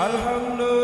alhamdulillah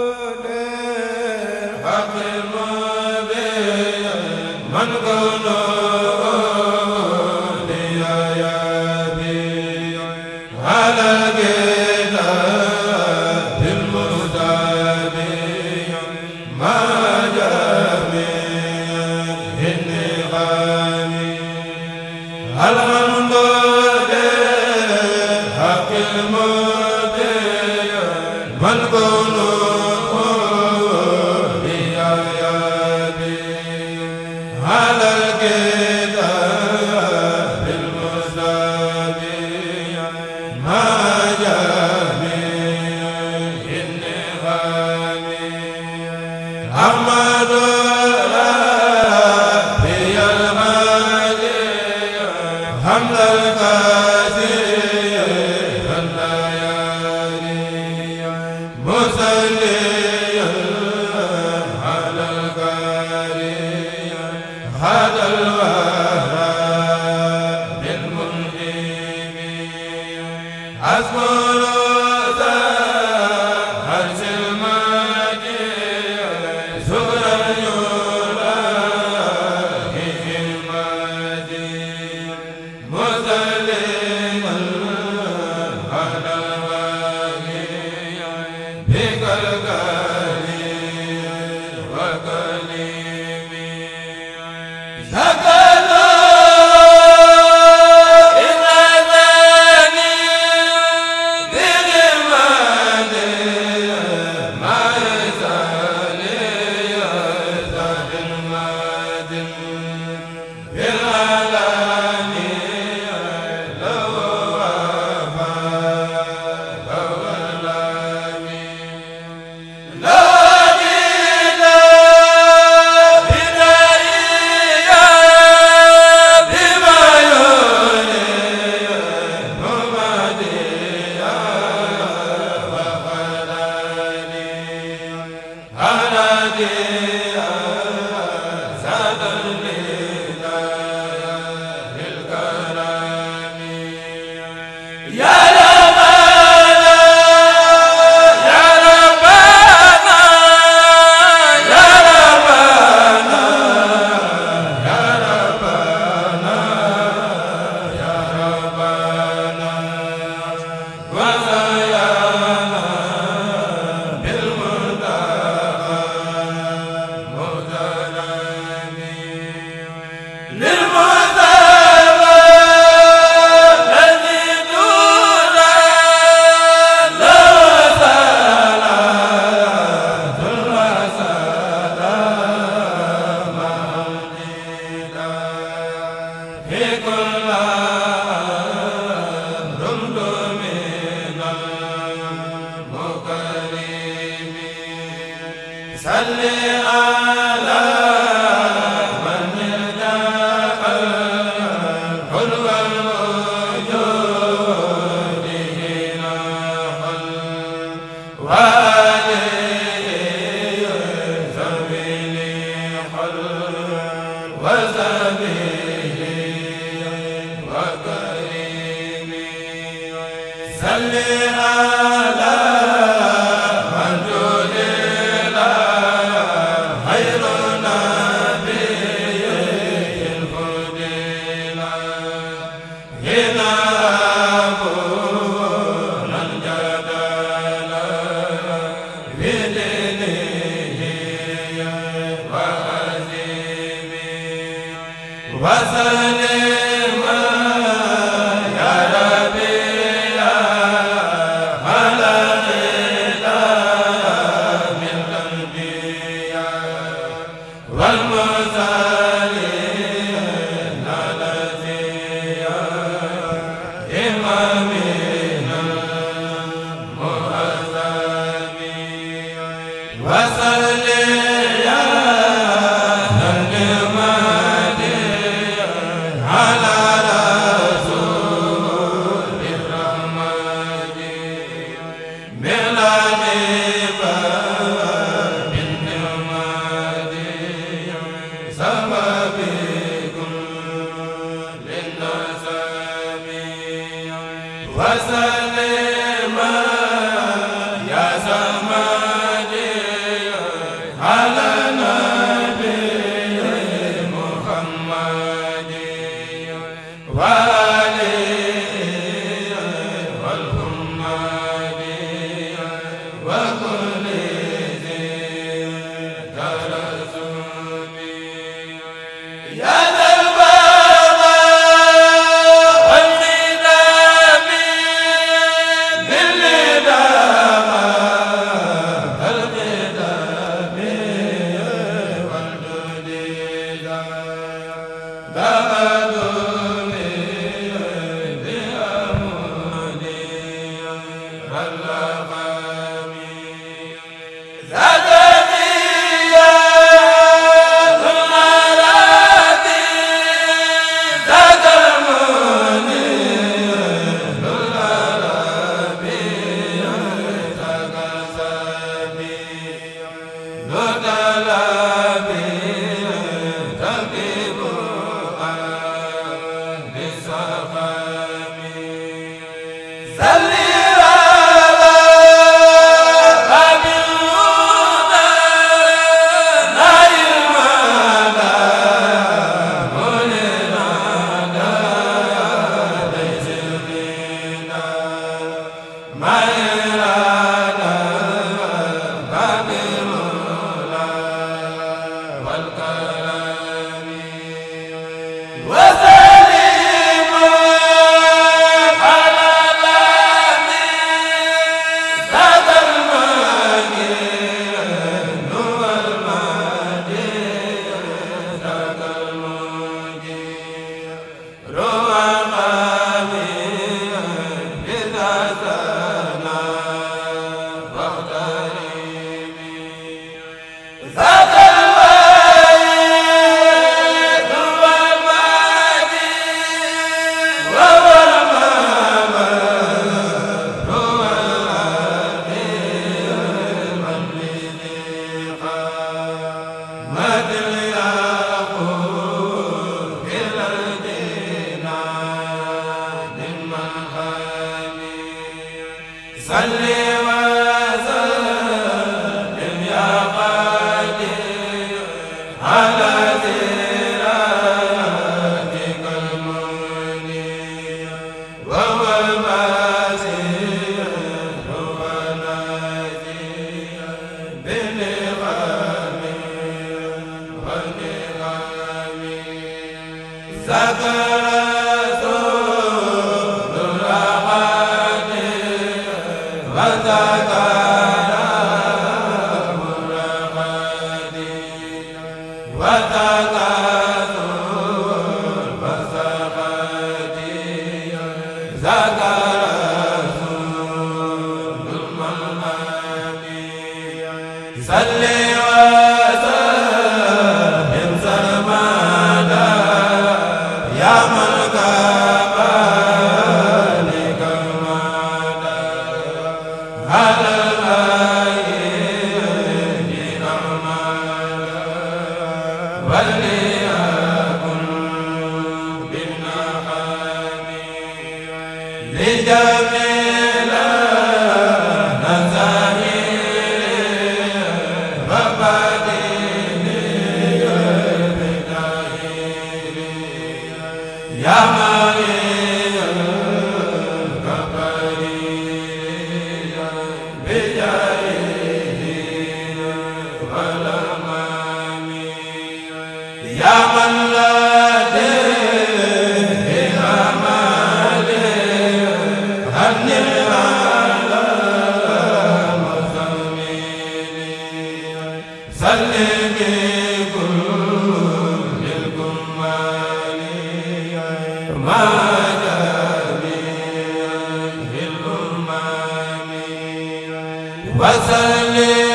wasal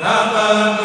Baba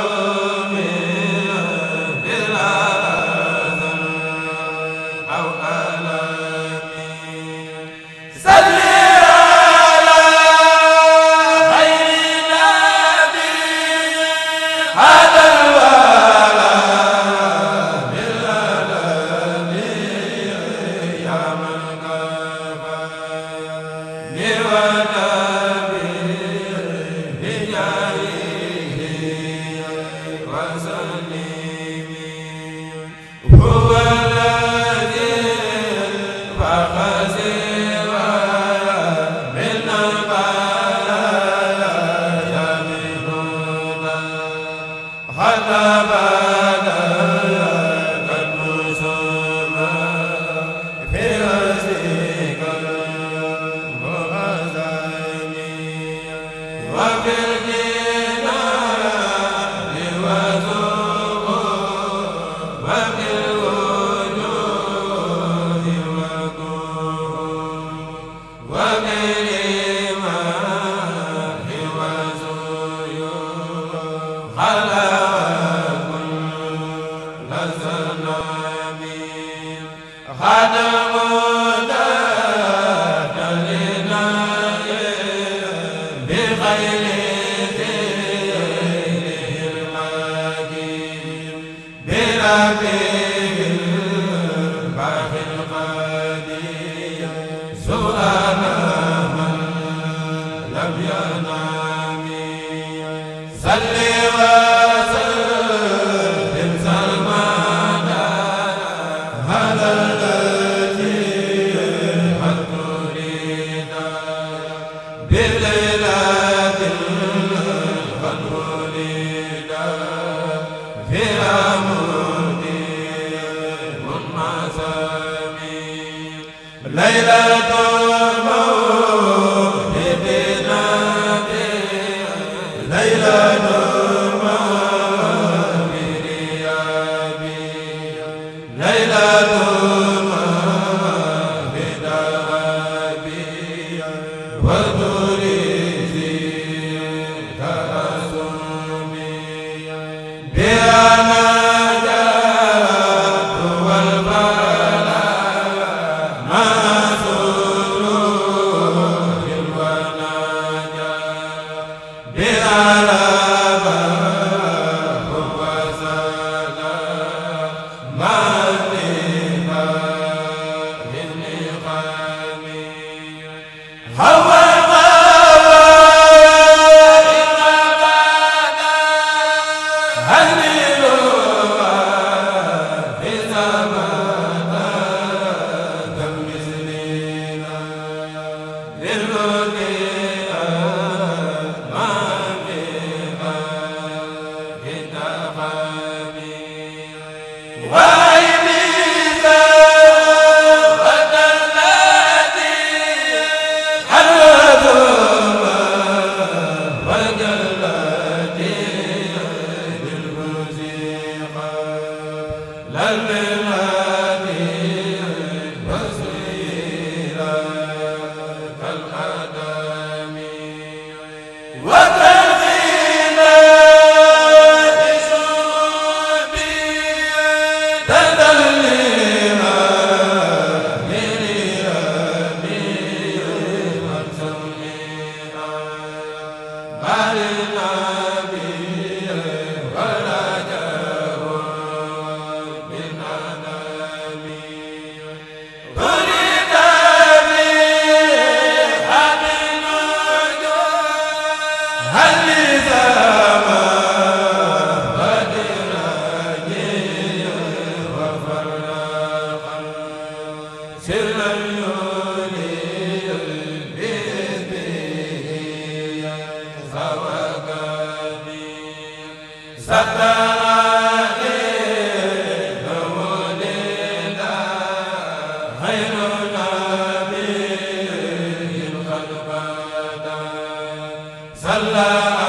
salla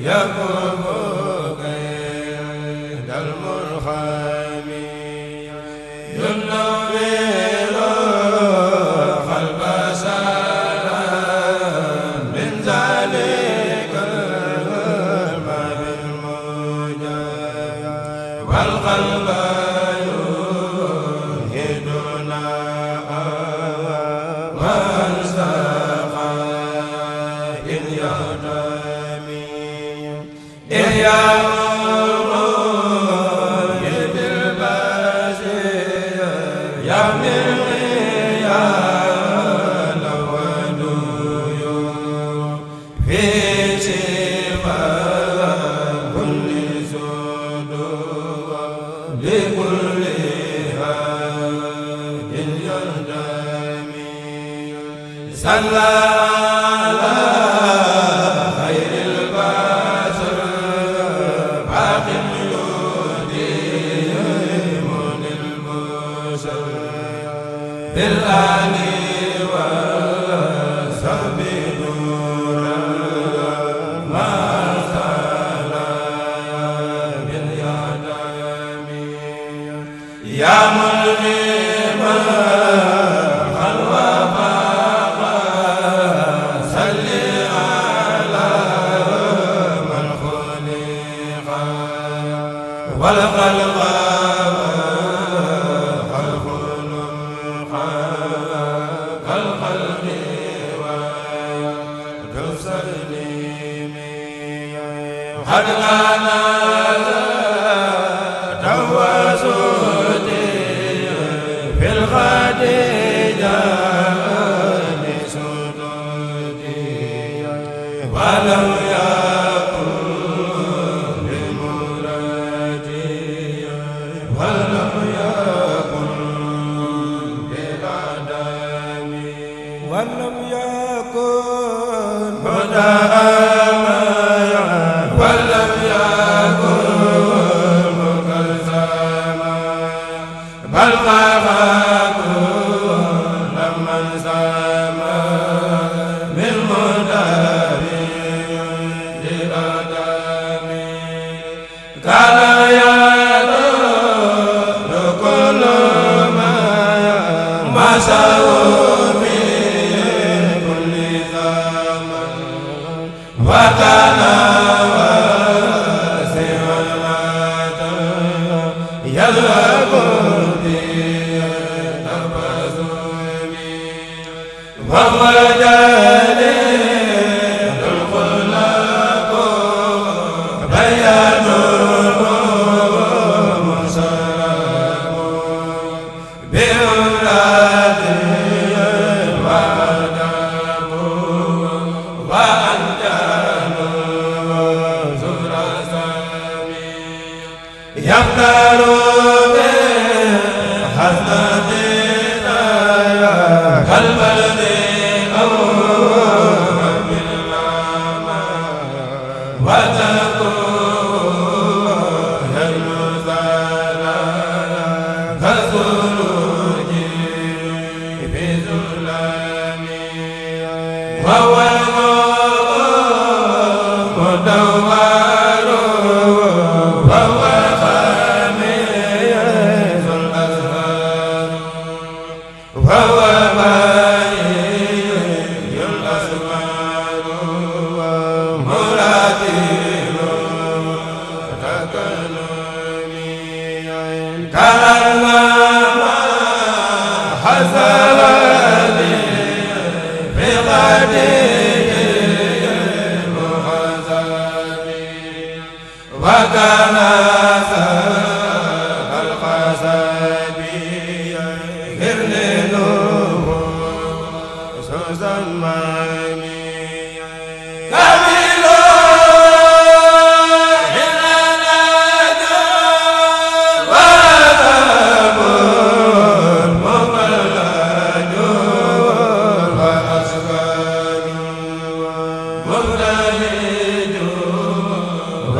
يكن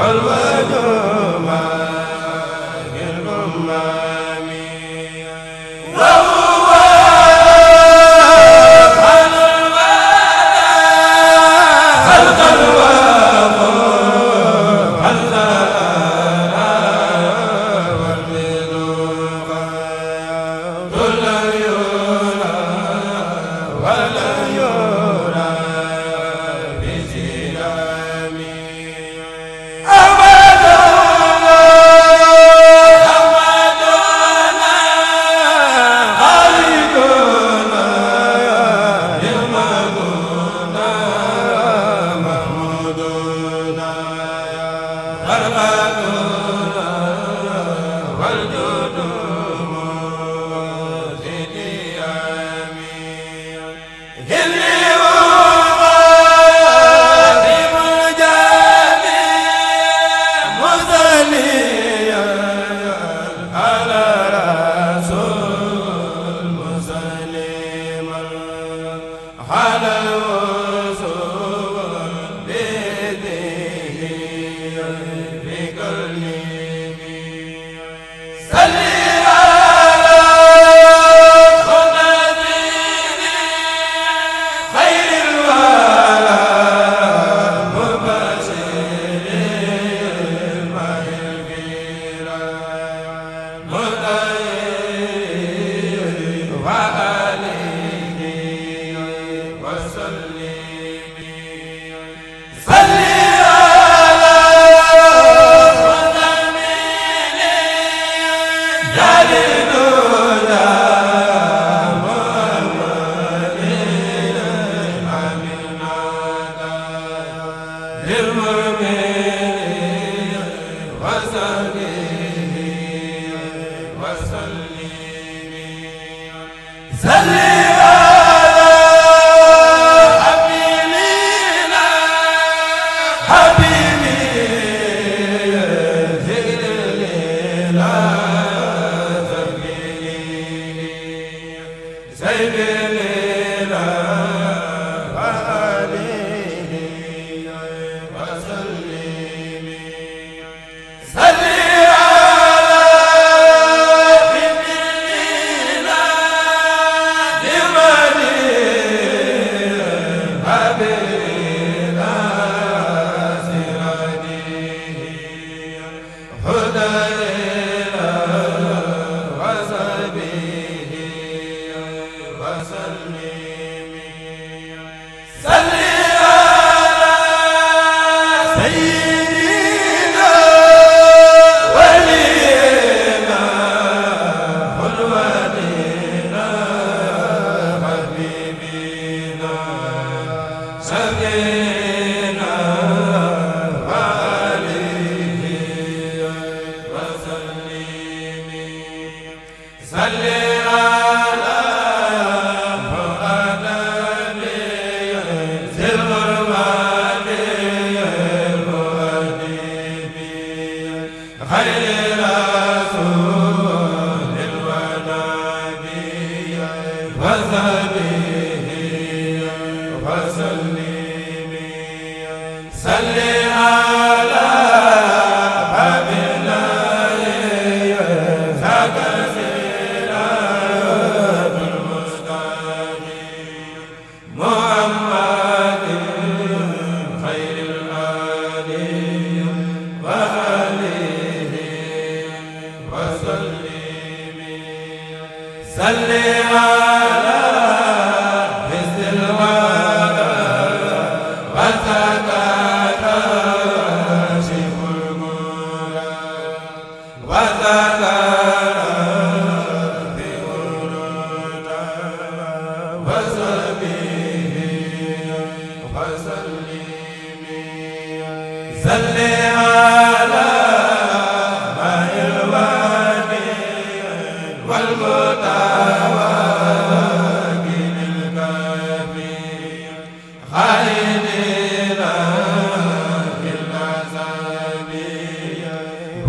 والود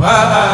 wa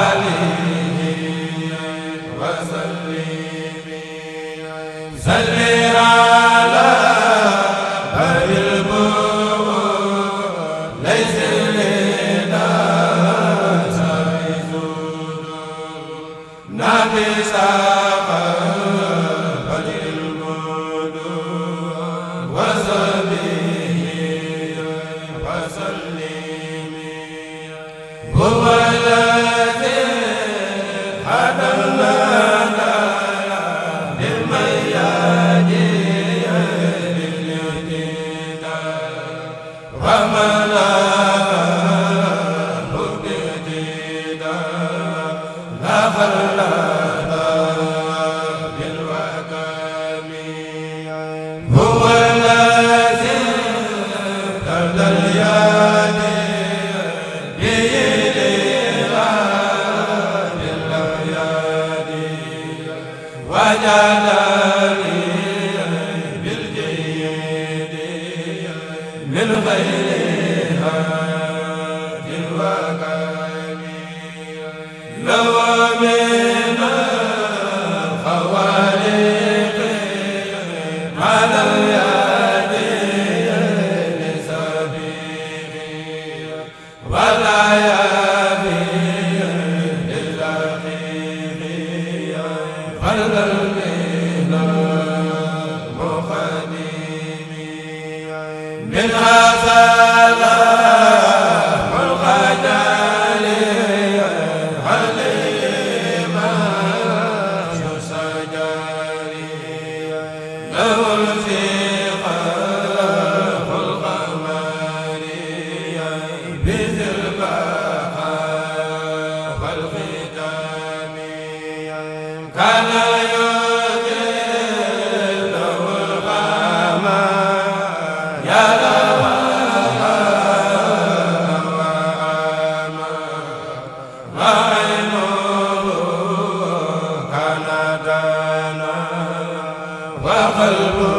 xalbu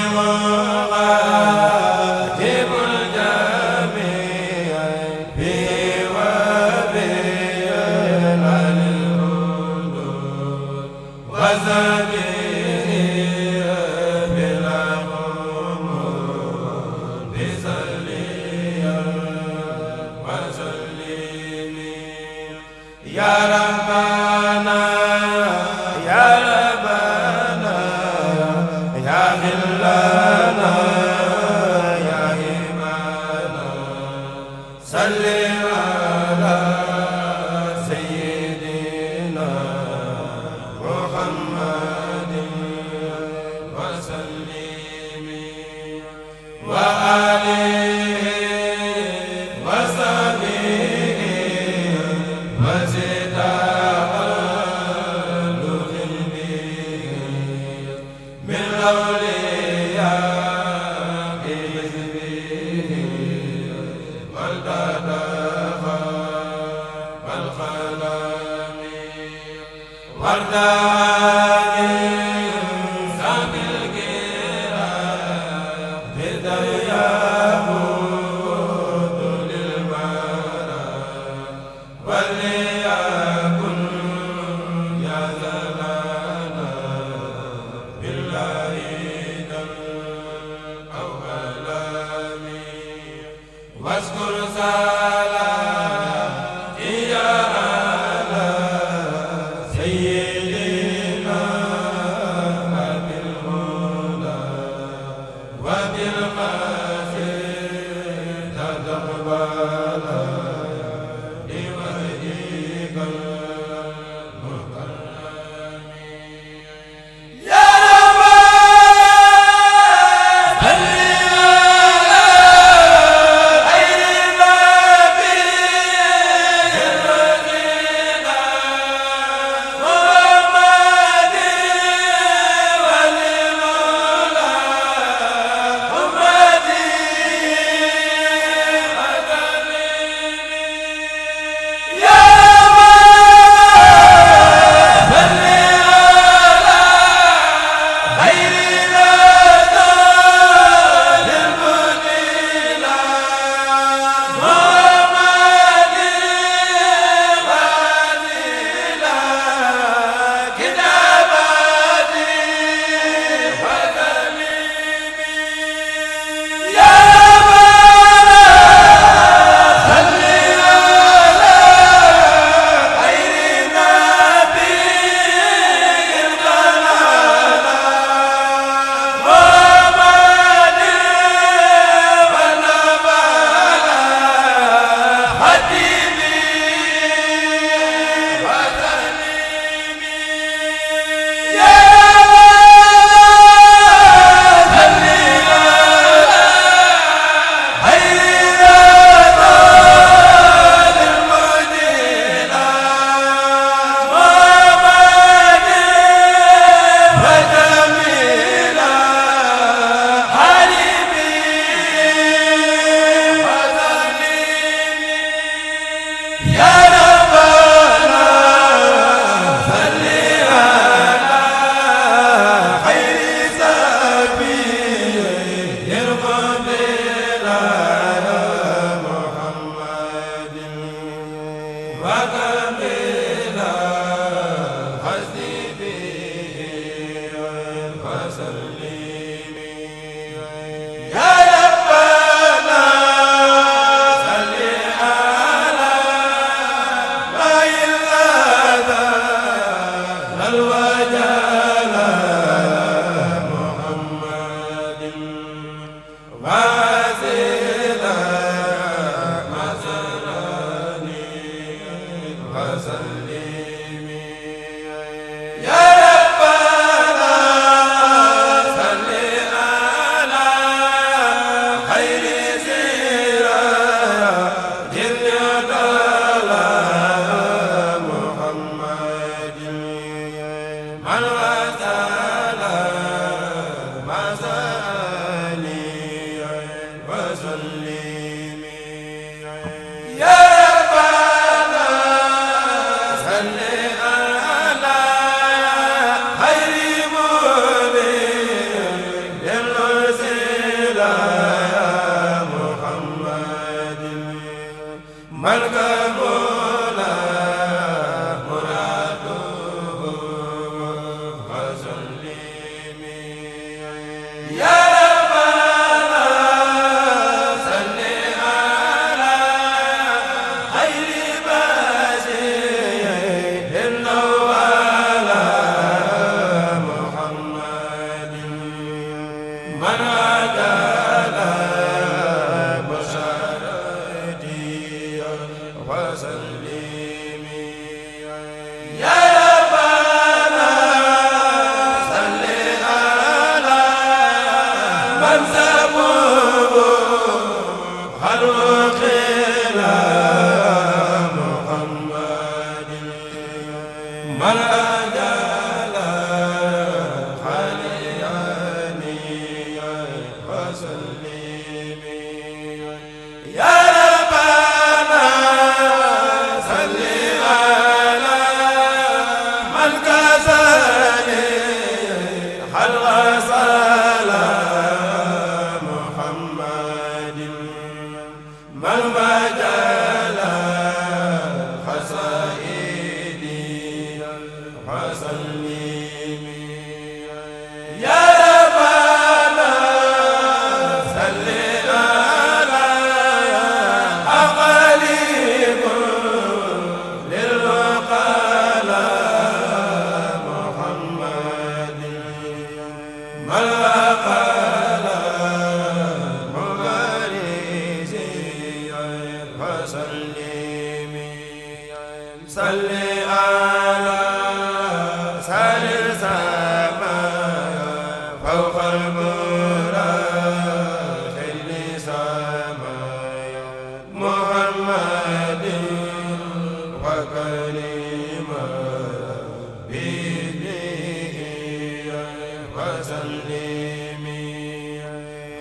خيرا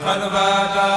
xalwata